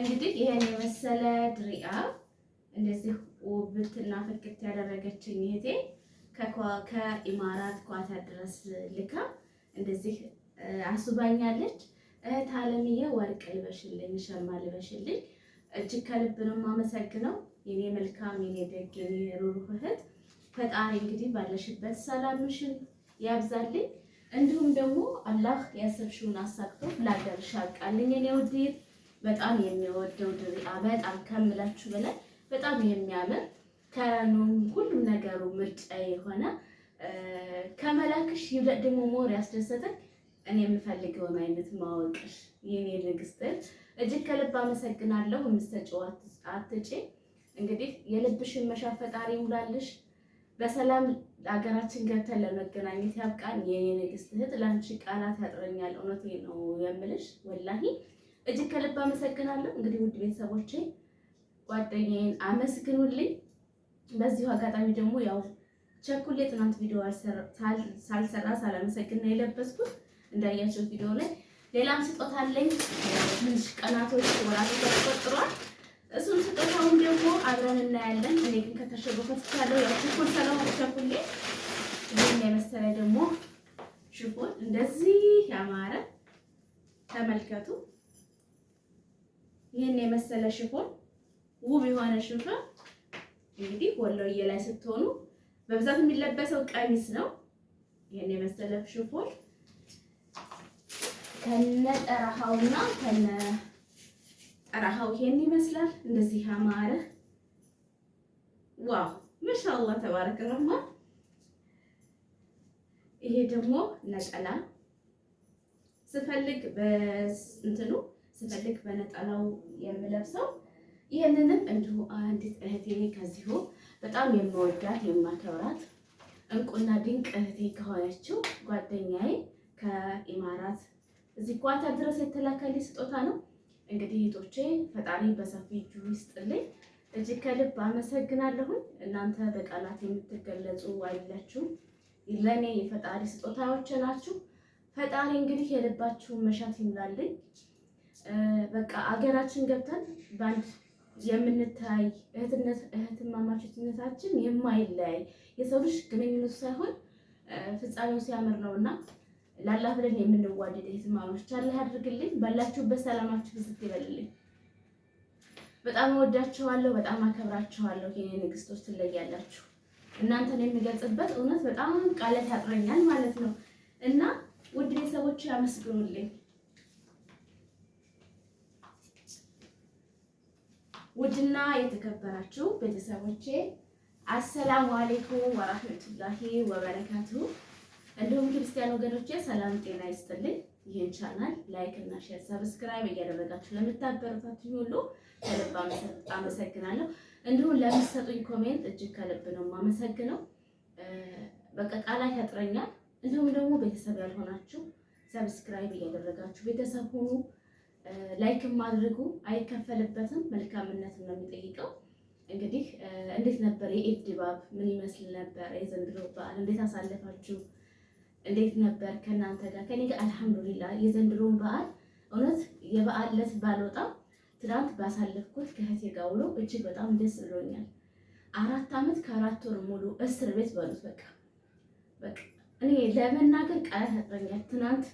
እንግዲህ ይሄን የመሰለ ድሪያ እንደዚህ ውብትና ፍክት ያደረገችኝ እህቴ ከኢማራት ኳታ ድረስ ልካ እንደዚህ አስባኛለች። እህት አለምዬ ወርቅ ልበሽልኝ፣ ሸማ ልበሽልኝ። እጅግ ከልብ ነው የማመሰግነው የኔ መልካም የኔ ደግ የኔ ሩሩህ እህት። ፈጣሪ እንግዲህ ባለሽበት ሰላምሽን ያብዛልኝ። እንዲሁም ደግሞ አላህ ያሰብሽውን አሳክቶ ላደርሽ አብቃልኝ የኔ ውዴት በጣም የሚወደው ድሪያ በጣም ከምላችሁ በላይ በጣም የሚያምር ከረኑ ሁሉም ነገሩ ምርጫ የሆነ ከመላክሽ ይብለጥ ደግሞ ሞር ያስደሰተኝ እኔ የምፈልገውን አይነት ማወቅሽ የኔ ንግስት እጅግ ከልብ አመሰግናለሁ። ምስተጭው አትጪ እንግዲህ የልብሽን መሻ ፈጣሪ ይሙላልሽ። በሰላም ሀገራችን ገብተን ለመገናኘት ያብቃን። የኔ ንግስት እህት ለአንቺ ቃላት ያጥረኛል። እውነቴ ነው የምልሽ ወላሂ እጅግ ከልብ አመሰግናለሁ። እንግዲህ ውድ ቤተሰቦቼ ጓደኛዬን አመስግኑልኝ። በዚሁ አጋጣሚ ደግሞ ያው ቸኩሌ ትናንት ቪዲዮ ሳልሰራ ሳላመሰግን ነው የለበስኩት። እንዳያቸው ቪዲዮ ላይ ሌላም ስጦታ አለኝ። ትንሽ ቀናቶች ወራቶች ተቆጥሯል። እሱን ስጦታውን ደግሞ አብረን እናያለን። እኔ ግን ከተሸጎፈት ያለው ያው ሽፉን ሰለሆን ቸኩሌ ይህን የመሰለ ደግሞ ሽፉን እንደዚህ ያማረ ተመልከቱ። ይህን የመሰለ ሽፎን ውብ የሆነ ሽፎን እንግዲህ ወሎዬ ላይ ስትሆኑ በብዛት የሚለበሰው ቀሚስ ነው። ይህን የመሰለ ሽፎን ከነ ጠረሃውና ከነ ጠረሃው ይሄን ይመስላል። እንደዚህ ያማረ ዋው! ማሻአላህ ተባረከ ረህማን። ይሄ ደግሞ ነጠላ ስፈልግ በእንትኑ ስፈልግ በነጠላው የምለብሰው። ይህንንም እንዲሁ አንዲት እህቴ ከዚሁ በጣም የምወዳት የማከብራት እንቁና ድንቅ እህቴ ከሆነችው ጓደኛዬ ከኢማራት እዚህ ኳታ ድረስ የተላከልኝ ስጦታ ነው። እንግዲህ እህቶቼ ፈጣሪ በሰፊ እጁ ይስጥልኝ። እጅግ ከልብ አመሰግናለሁኝ። እናንተ በቃላት የምትገለጹ አይላችሁ ለእኔ የፈጣሪ ስጦታዎች ናችሁ። ፈጣሪ እንግዲህ የልባችሁን መሻት ይምላልኝ። በቃ አገራችን ገብተን በአንድ የምንታይ እህትነት እህትማማችነታችን የማይለያይ የሰው ልጅ ግንኙነቱ ሳይሆን ፍጻሜው ሲያምር ነው እና ላላህ ብለን የምንዋደድ እህትማማች ቻለ አድርግልኝ። ባላችሁበት ሰላማችሁ ብዝት ይበልልኝ። በጣም እወዳችኋለሁ፣ በጣም አከብራችኋለሁ። የኔ ንግስቶች ትለያላችሁ። እናንተን የሚገልጽበት እውነት በጣም ቃለት ያጥረኛል ማለት ነው እና ውድ ቤተሰቦች ያመስግኑልኝ። ውድና የተከበራችሁ ቤተሰቦቼ አሰላሙ አሌይኩም ወራህመቱላሂ ወበረካቱ። እንዲሁም ክርስቲያን ወገኖቼ ሰላም ጤና ይስጥልኝ። ይህን ቻናል ላይክ እና ሼር፣ ሰብስክራይብ እያደረጋችሁ ለምታበረታችሁ ሁሉ ከልብ አመሰግናለሁ። እንዲሁም ለምትሰጡኝ ኮሜንት እጅግ ከልብ ነው የማመሰግነው። በቃ ቃላት ያጥረኛል። እንዲሁም ደግሞ ቤተሰብ ያልሆናችሁ ሰብስክራይብ እያደረጋችሁ ቤተሰብ ሁኑ። ላይክም ማድረጉ አይከፈልበትም። መልካምነትን ነው የሚጠይቀው። እንግዲህ እንዴት ነበር የኢድ ድባብ? ምን ይመስል ነበር? የዘንድሮ በዓል እንዴት አሳለፋችሁ? እንዴት ነበር ከእናንተ ጋር? ከኔ ጋር አልሐምዱሊላ። የዘንድሮን በዓል እውነት የበዓል ዕለት ባልወጣ ትናንት ባሳለፍኩት ከእህቴ ጋር ውሎ እጅግ በጣም ደስ ብሎኛል። አራት ዓመት ከአራት ወር ሙሉ እስር ቤት በሉት በቃ በቃ እኔ ለመናገር ቃላት ያጥረኛል ትናንት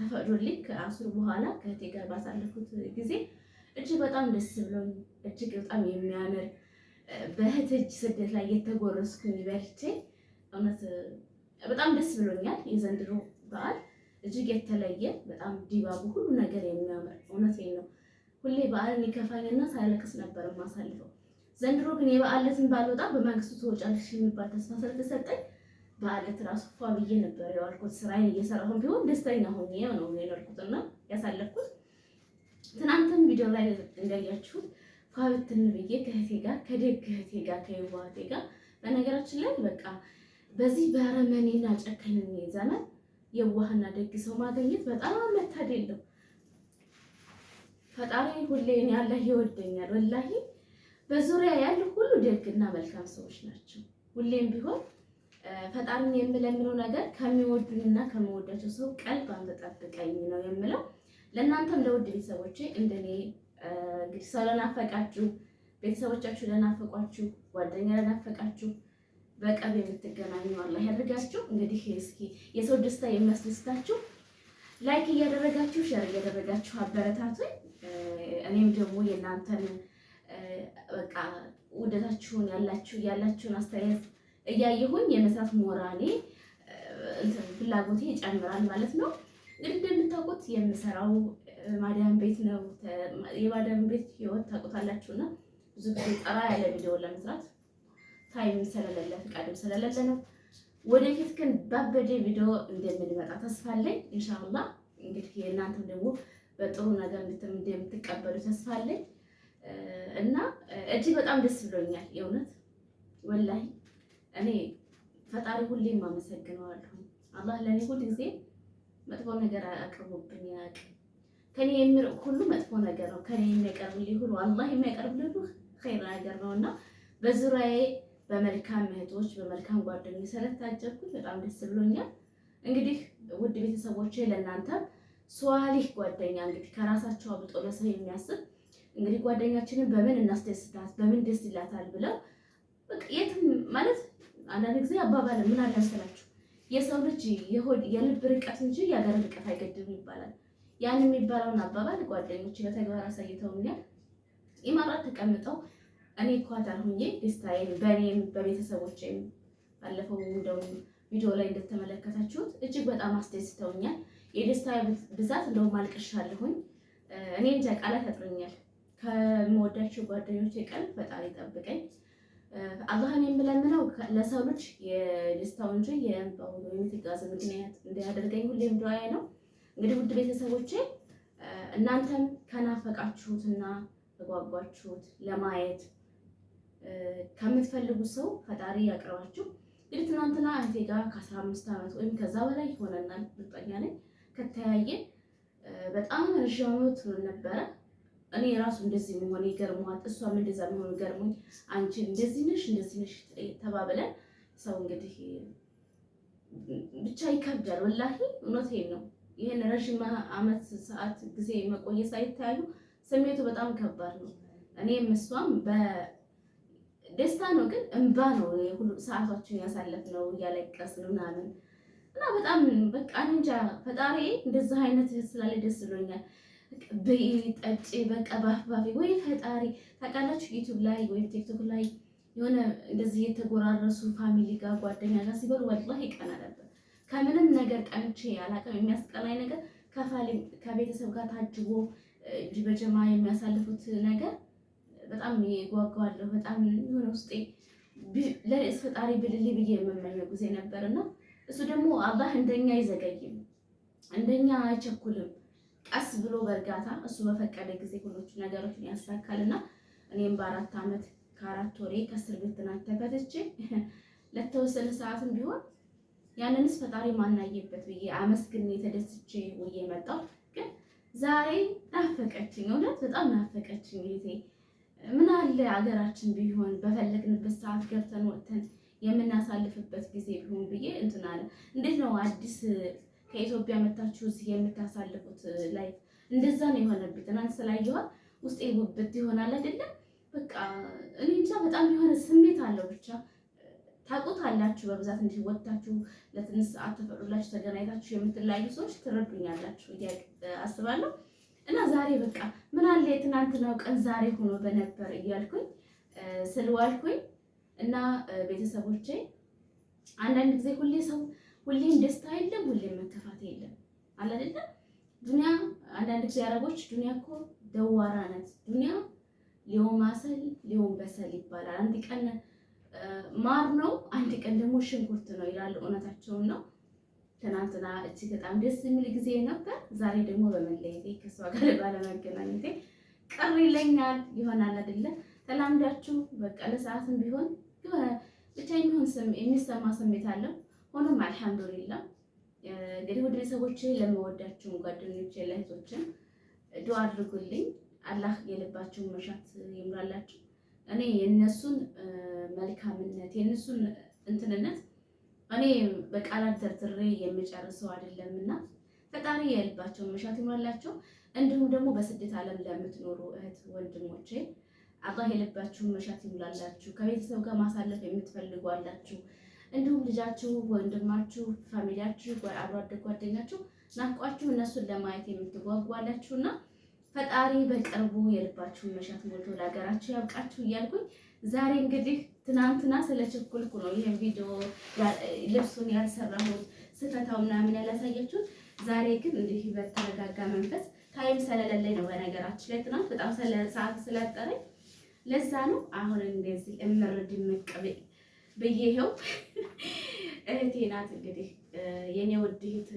ተፈቅዶልኝ ከአስር በኋላ ከእህቴ ጋር ባሳለፉት ጊዜ እጅግ በጣም ደስ ብሎኝ እጅግ በጣም የሚያምር በእህት እጅ ስደት ላይ የተጎረስኩኝ በልቼ እውነት በጣም ደስ ብሎኛል። የዘንድሮ በዓል እጅግ የተለየ በጣም ድባቡ ሁሉ ነገር የሚያምር እውነት ነው። ሁሌ በዓልን ይከፋኝና ሳለቅስ ነበር ማሳልፈው። ዘንድሮ ግን የበዓለትን ባልወጣ በመንግስቱ ተወጫለሽ የሚባል ተስፋ ስለተሰጠኝ በአለት ራሱ ፏ ብዬ ነበር የዋልኩት። ስራዬን እየሰራሁ ቢሆን ደስተኛ ሆኜ ነው የኖርኩት እና ያሳለፍኩት። ትናንትም ቪዲዮ ላይ እንዳያችሁት ፋብትን ብዬ ከእህቴ ጋር ከደግ እህቴ ጋር ከየዋህ ጋር በነገራችን ላይ በቃ በዚህ በአረመኔና ጨካኝ ዘመን የዋህና ደግ ሰው ማገኘት በጣም መታደል ነው። ፈጣሪ እኔ ያለ ይወደኛል። ወላሂ በዙሪያ ያሉ ሁሉ ደግና መልካም ሰዎች ናቸው ሁሌም ቢሆን ፈጣሪን የምለምነው ነገር ከሚወዱኝና ከሚወዳቸው ሰው ቀልብ አንተ ነው የምለው። ለእናንተም ለውድ ቤተሰቦች እንደኔ እንግዲህ ሰው ለናፈቃችሁ፣ ቤተሰቦቻችሁ ለናፈቋችሁ፣ ጓደኛ ለናፈቃችሁ በቀብ የምትገናኙ አላህ ያድርጋችሁ። እንግዲህ እስኪ የሰው ደስታ የሚያስደስታችሁ ላይክ እያደረጋችሁ ሼር እያደረጋችሁ አበረታቱኝ። እኔም ደግሞ የእናንተን በቃ ውደታችሁን ያላችሁ ያላችሁን አስተያየት እያየሁኝ የመስራት ሞራሌ ፍላጎቴ ይጨምራል ማለት ነው። እንደምታውቁት የምሰራው ማዳም ቤት ነው። የማዳም ቤት ህይወት ታውቁታላችሁ እና ብዙ ጊዜ ጠራ ያለ ቪዲዮ ለመስራት ታይም ስለሌለ ፍቃድም ስለሌለ ነው። ወደፊት ግን ባበደ ቪዲዮ እንደምንመጣ ተስፋ አለኝ። እንሻላ እንግዲህ የእናንተም ደግሞ በጥሩ ነገር እንደምትቀበሉ ተስፋ አለኝ እና እጅግ በጣም ደስ ብሎኛል የእውነት ወላይ እኔ ፈጣሪ ሁሌም አመሰግነዋለሁ። አላህ ለእኔ ሁል ጊዜ መጥፎ ነገር አቅርቦብኝ አያውቅም። ከኔ የሚርቅ ሁሉ መጥፎ ነገር ነው። ከኔ የሚያቀርብልኝ ሁሉ አላህ የሚያቀርብልኝ ሁሉ ኸይር ነገር ነው እና በዙሪያዬ በመልካም እህቶች በመልካም ጓደኞች ስለታጀብኩኝ በጣም ደስ ብሎኛል። እንግዲህ ውድ ቤተሰቦቼ ለእናንተ ሷሊህ ጓደኛ እንግዲህ ከራሳቸው አብጦ ለሰው የሚያስብ እንግዲህ ጓደኛችንን በምን እናስደስታት በምን ደስ ይላታል ብለው የትም ማለት አንዳንድ ጊዜ አባባል ምን አለ መሰላችሁ የሰው ልጅ የልብ ርቀት እንጂ የሀገር ርቀት አይገድብም ይባላል። ያን የሚባለውን አባባል ጓደኞች በተግባር አሳይተውኛል። ኢማራት ተቀምጠው እኔ ኳታር ሁኜ ደስታዬን በእኔም በቤተሰቦቼም ባለፈው እንደውም ቪዲዮ ላይ እንደተመለከታችሁት እጅግ በጣም አስደስተውኛል። የደስታ ብዛት እንደውም አልቅሻለሁኝ። እኔ እንጃ ቃላት ያጥረኛል። ከምወዳቸው ጓደኞቼ ቀልብ ፈጣሪ ጠብቀኝ። አላህን የምለምነው ለሰው ልጅ የደስታው እንጂ የእንባውን ወይም ትጋዝ ምክንያት እንዲያደርገኝ ሁሌም ዱዓዬ ነው። እንግዲህ ውድ ቤተሰቦቼ እናንተም ከናፈቃችሁትና ተጓጓችሁት ለማየት ከምትፈልጉ ሰው ፈጣሪ ያቅርባችሁ። እንግዲህ ትናንትና እህቴ ጋር ከ15 ዓመት ወይም ከዛ በላይ ሆነናል፣ እርግጠኛ ነኝ ከተያየ በጣም ረዥም ዓመት ነበረ። እኔ ራሱ እንደዚህ የሚሆን ይገርመዋል፣ እሷም እንደዛ የሚሆን ገርሞኝ፣ አንቺ እንደዚህ ነሽ እንደዚህ ነሽ ተባብለን ሰው እንግዲህ ብቻ ይከብዳል። ወላሂ እውነቴን ነው። ይህን ረዥም አመት ሰዓት ጊዜ መቆየት ሳይታዩ ስሜቱ በጣም ከባድ ነው። እኔም እሷም በደስታ ነው፣ ግን እንባ ነው ሁሉ ሰዓታችን ያሳለፍነው እያለቀስን ምናምን እና በጣም በቃ እንጃ ፈጣሪ እንደዚህ አይነት ስላለ ደስ ብሎኛል። ብይ ጠጪ፣ በቃ ባፍባፊ ወይ ፈጣሪ ታውቃላችሁ። ዩቱብ ላይ ወይም ቲክቶክ ላይ የሆነ እንደዚህ የተጎራረሱ ፋሚሊ ጋር ጓደኛ ጋር ሲበሉ ወላሂ ቀን አለበት። ከምንም ነገር ቀንቼ አላውቅም። የሚያስቀናኝ ነገር ከቤተሰብ ጋር ታጅቦ እንጂ በጀማ የሚያሳልፉት ነገር በጣም ይጓጓለሁ። በጣም የሆነ ውስጤ ለእስ ፈጣሪ ብልልይ ብዬ የምመኘው ጊዜ ነበር እና እሱ ደግሞ አላህ እንደኛ አይዘገይም፣ እንደኛ አይቸኩልም። ቀስ ብሎ በእርጋታ እሱ በፈቀደ ጊዜ ሁሎቹ ነገሮችን ያሳካልና እኔም በአራት ዓመት ከአራት ወሬ ከእስር ቤት ትናንት ተፈትቼ ለተወሰነ ሰዓትም ቢሆን ያንንስ ፈጣሪ ማናየበት ብዬ አመስግን የተደስቼ ውዬ መጣሁ። ግን ዛሬ ናፈቀችኝ፣ እውነት በጣም ናፈቀችኝ እህቴ። ምን አለ አገራችን ቢሆን በፈለግንበት ሰዓት ገብተን ወጥተን የምናሳልፍበት ጊዜ ቢሆን ብዬ እንትን አለ። እንዴት ነው አዲስ ከኢትዮጵያ መታችሁ እዚህ የምታሳልፉት ላይፍ እንደዛ ነው የሆነብኝ። ትናንት ስላየኋት ውስጤ ውብት ይሆናል አይደለም በቃ እኔ እንጃ በጣም የሆነ ስሜት አለው ብቻ ታቁት አላችሁ በብዛት እንዲህ ወጥታችሁ ለትንሽ ሰዓት ተፈቅዶላችሁ ተገናኝታችሁ የምትለያዩ ሰዎች ትረዱኛላችሁ አስባለሁ። እና ዛሬ በቃ ምን አለ የትናንትናው ቀን ዛሬ ሆኖ በነበር እያልኩኝ ስልዋልኩኝ እና ቤተሰቦቼ አንዳንድ ጊዜ ሁሌ ሰው ሁሌም ደስታ የለም፣ ሁሌም መከፋት የለም። አለ አይደለ? ዱንያ አንዳንድ ጊዜ አረቦች ዱንያ እኮ ደዋራ ናት፣ ዱንያ ሊሆን ማሰል ሊሆን በሰል ይባላል። አንድ ቀን ማር ነው፣ አንድ ቀን ደግሞ ሽንኩርት ነው ይላሉ። እውነታቸውን ነው። ትናንትና እጅግ በጣም ደስ የሚል ጊዜ ነበር። ዛሬ ደግሞ በመለየቴ ከሷ ጋር ባለመገናኘቴ ቅር ይለኛል። ይሆናል አይደለ? ተላምዳችሁ በቀለ ለሰዓትም ቢሆን የሆነ ብቻ የሚሆን የሚሰማ ስሜት አለው። ሆኖም አልሐምዱሊላ እንግዲህ ውድ ቤተሰቦች ለመወዳችሁ ጓደኞች ለእህቶችን ዱዓ አድርጉልኝ። አላህ የልባችሁን መሻት ይምራላችሁ። እኔ የእነሱን መልካምነት የእነሱን እንትንነት እኔ በቃላት ደርድሬ የምጨርሰው አይደለም እና ፈጣሪ የልባቸውን መሻት ይምራላቸው። እንዲሁም ደግሞ በስደት ዓለም ለምትኖሩ እህት ወንድሞቼ አላህ የልባችሁን መሻት ይምራላችሁ። ከቤተሰብ ጋር ማሳለፍ የምትፈልጉ አላችሁ እንዲሁም ልጃችሁ፣ ወንድማችሁ፣ ፋሚሊያችሁ፣ አብሮ አደግ ጓደኛችሁ ናፍቋችሁ እነሱን ለማየት የምትጓጓላችሁ እና ፈጣሪ በቅርቡ የልባችሁን መሻት ሞልቶ ለሀገራችሁ ያብቃችሁ እያልኩኝ ዛሬ እንግዲህ ትናንትና ስለ ችኩልኩ ነው ይህን ቪዲዮ ልብሱን ያልሰራሁት ስፈታው ምናምን ያላሳያችሁት። ዛሬ ግን እንዲህ በተረጋጋ መንፈስ ታይም ስለሌለኝ ነው። በነገራችን ላይ ትናንት በጣም ሰዓት ስላጠረኝ ለዛ ነው። አሁን እንደዚህ እምር ድምቅ ብዬ እህቴ ናት እንግዲህ የኔ ውድ እህት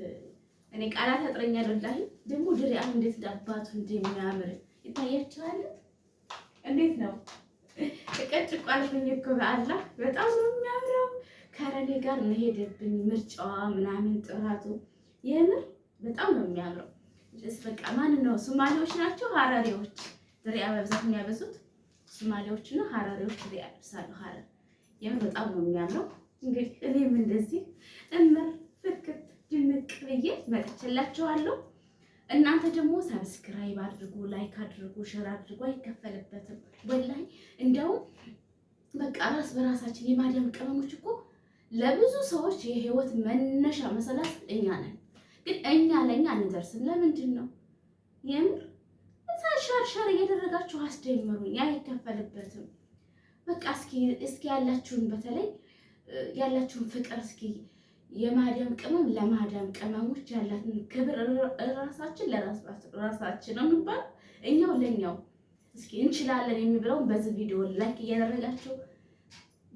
እኔ ቃላት ያጥረኛል። ወላሂ ደግሞ ድሪያም እንዴት ዳባቱ እንደሚያምር ይታያችኋል። እንዴት ነው ቀጭ ቋልፍኝ እኮ በአላ በጣም ነው የሚያምረው። ከረኔ ጋር መሄደብኝ ምርጫዋ ምናምን ጥራቱ የምር በጣም ነው የሚያምረው። ስ በቃ ማን ነው ሶማሌዎች ናቸው ሀረሪዎች ድሪያ በብዛት የሚያበዙት ሶማሌዎችና ሀረሪዎች ድሪያ ያለብሳሉ ሀረር የምን በጣም ነው የሚያምረው። እንግዲህ እኔም እንደዚህ እምር ፍክት ድምቅ ብዬ መጥቼላችኋለሁ። እናንተ ደግሞ ሰብስክራይብ አድርጉ፣ ላይክ አድርጉ፣ ሼር አድርጉ። አይከፈልበትም ወላሂ። እንዲያውም በቃ ራስ በራሳችን የማዳም ቅመሞች እኮ ለብዙ ሰዎች የህይወት መነሻ መሰላት እኛ ነን። ግን እኛ ለእኛ አንደርስም። ለምንድን ነው የምር ሻርሻር እየደረጋችሁ አስደምሩኝ። አይከፈልበትም። በቃ እስኪ እስኪ ያላችሁን በተለይ ያላችሁን ፍቅር እስኪ የማዳም ቅመም ለማዳም ቅመሞች ያላትን ክብር ራሳችን ለራሳችን ነው የምንባለው፣ እኛው ለእኛው እስኪ እንችላለን የሚብለውን በዚህ ቪዲዮ ላይክ እያደረጋችሁ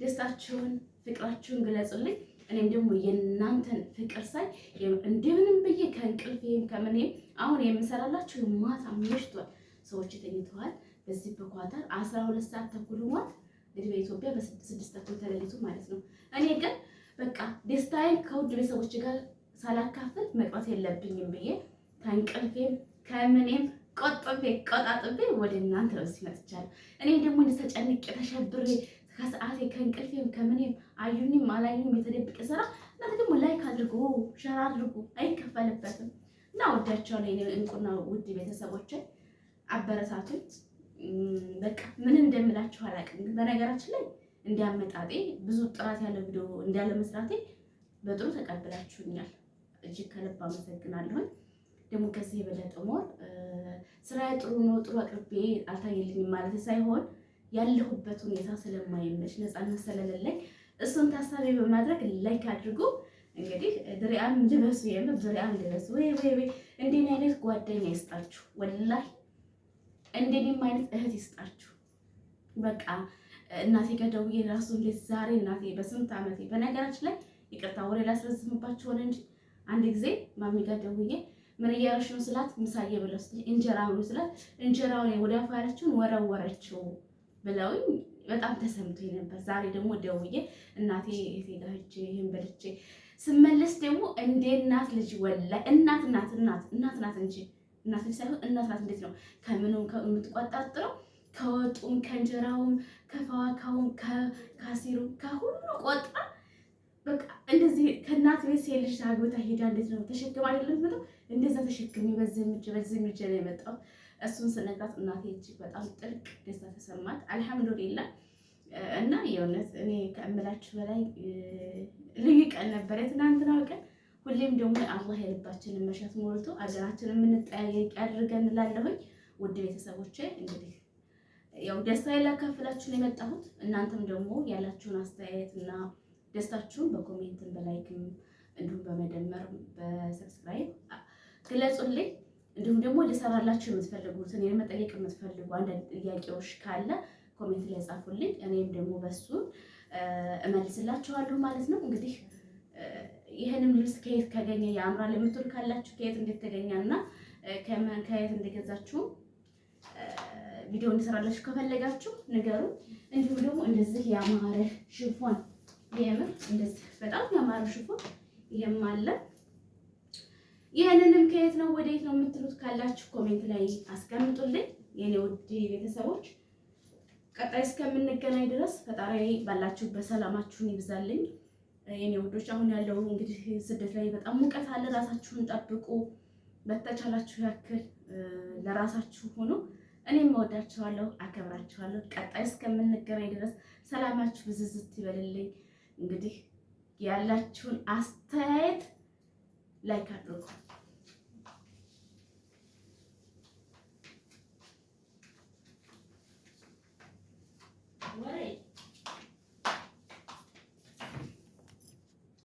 ደስታችሁን ፍቅራችሁን ግለጹልኝ። እኔም ደግሞ የእናንተን ፍቅር ሳይ እንደምንም ብዬ ከእንቅልፍ ከምንም አሁን የምሰራላችሁ ማታ ምሽቷል፣ ሰዎች ተኝተዋል። በዚህ በኳታር አስራ ሁለት ሰዓት ተኩል ሆኗል። እንግዲህ በኢትዮጵያ በስድስታችን ተለሊቱ ማለት ነው። እኔ ግን በቃ ደስታዬን ከውድ ቤተሰቦች ጋር ሳላካፍል መቅረት የለብኝም ብዬ ከእንቅልፌም ከምኔም ቆጥቤ ቆጣጥቤ ወደ እናንተ በዚህ መጥቻለሁ። እኔ ደግሞ እንደተጨንቄ ተሸብሬ ከሰዓቴ ከእንቅልፌም ከምኔም አዩኝም አላዩኝም የተደብቀ ስራ እናንተ ደግሞ ላይክ አድርጉ፣ ሸር አድርጉ፣ አይከፈልበትም እና ወዳቸዋለሁ የእኔ እንቁና ውድ ቤተሰቦችን አበረታቱኝ። በቃ ምን እንደምላችሁ አላውቅም። በነገራችን ላይ እንዲያመጣጤ ብዙ ጥራት ያለ ቪዲዮ እንዲያለ መስራቴ በጥሩ ተቀብላችሁኛል። እጅግ ከልብ አመሰግናለሁኝ። ደግሞ ከዚህ የበለጠ ሞር ስራ ጥሩ ነው ጥሩ አቅርቤ አልታየልኝም ማለት ሳይሆን ያለሁበት ሁኔታ ስለማይመች ነፃነት ስለሌለኝ እሱን ታሳቢ በማድረግ ላይክ አድርጉ። እንግዲህ ድሪያን ልበሱ፣ የምር ድሪያን ልበሱ። ወይ ወይ ወይ እንዲህ አይነት ጓደኛ ይስጣችሁ ወላሂ እንደኔም አይነት እህት ይስጣችሁ። በቃ እናቴ ጋር ደውዬ ራሱ እንዴት ዛሬ እናቴ በስንት ዓመቴ በነገራችን ላይ ይቅርታ ወሬ ላስረዝምባችሁ ሆነ እንጂ አንድ ጊዜ ማሚ ጋር ደውዬ ምን እያረሽ ነው ስላት፣ ምሳዬ ብለው ስትል እንጀራ ነው ስላት፣ እንጀራውን ወደ አፏ ያለችውን ወረወረችው ብለውኝ በጣም ተሰምቶኝ ነበር። ዛሬ ደግሞ ደውዬ እናቴ ሄዳች ይህን በልቼ ስመለስ ደግሞ እንደ እናት ልጅ ወላ እናት እናት እናት እናት ናት እንጂ እናት ልጅ ሳይሆን እናት ናት። እንዴት ነው ከምኑም የምትቆጣጥረው? ከወጡም ከእንጀራውም ከፈዋካውም ከአሲሩም ከሁሉ ቆጣ በቃ እንደዚህ ከእናት ቤት ሴት ልጅ አግብታ ሄዳ እንዴት ነው ተሸክማ አይደለም ብለው እንደዛ ተሸክሚ በዚህ ምጅ በዚህ ምጅ ነው የመጣው። እሱን ስነግራት እናቴ እጅግ በጣም ጥልቅ ደስታ ተሰማት። አልሐምዱሊላ እና የእውነት እኔ ከእምላችሁ በላይ ልዩ ቀን ነበረ የትናንትናው ቀን ሁሌም ደግሞ አላህ የልባችንን መሻት ሞልቶ አገራችንን የምንጠያየቅ ያድርገን እላለሁኝ። ውድ ቤተሰቦቼ እንግዲህ ያው ደስታ ላካፍላችሁ የመጣሁት። እናንተም ደግሞ ያላችሁን አስተያየት እና ደስታችሁን በኮሜንትም በላይክም እንዲሁም በመደመር በሰብስክራይብ ግለጹልኝ። እንዲሁም ደግሞ ልሰራላችሁ የምትፈልጉትን መጠየቅ የምትፈልጉ አንዳንድ ጥያቄዎች ካለ ኮሜንት ላይ ጻፉልኝ። እኔም ደግሞ በሱ እመልስላችኋለሁ ማለት ነው እንግዲህ ይህንም ልብስ ከየት ከገኘ ያምራል የምትሉ ካላችሁ ከየት እንዴት ተገኘ እና ከየት እንደገዛችሁ ቪዲዮ እንሰራላችሁ ከፈለጋችሁ ንገሩ። እንዲሁም ደግሞ እንደዚህ ያማረ ሽፎን የምር እንደዚህ በጣም ያማረ ሽፎን ይሄም አለ። ይህንንም ከየት ነው ወደየት ነው የምትሉት ካላችሁ ኮሜንት ላይ አስቀምጡልኝ የኔ ውድ ቤተሰቦች። ቀጣይ እስከምንገናኝ ድረስ ፈጣሪ ባላችሁ በሰላማችሁን ይብዛልኝ። የኔ ወዶች አሁን ያለው እንግዲህ ስደት ላይ በጣም ሙቀት አለ። ራሳችሁን ጠብቁ። በተቻላችሁ ያክል ለራሳችሁ ሆኖ እኔም እወዳችኋለሁ፣ አከብራችኋለሁ። ቀጣይ እስከምንገናኝ ድረስ ሰላማችሁ ብዝዝት ይበልልኝ። እንግዲህ ያላችሁን አስተያየት ላይክ አድርጉ።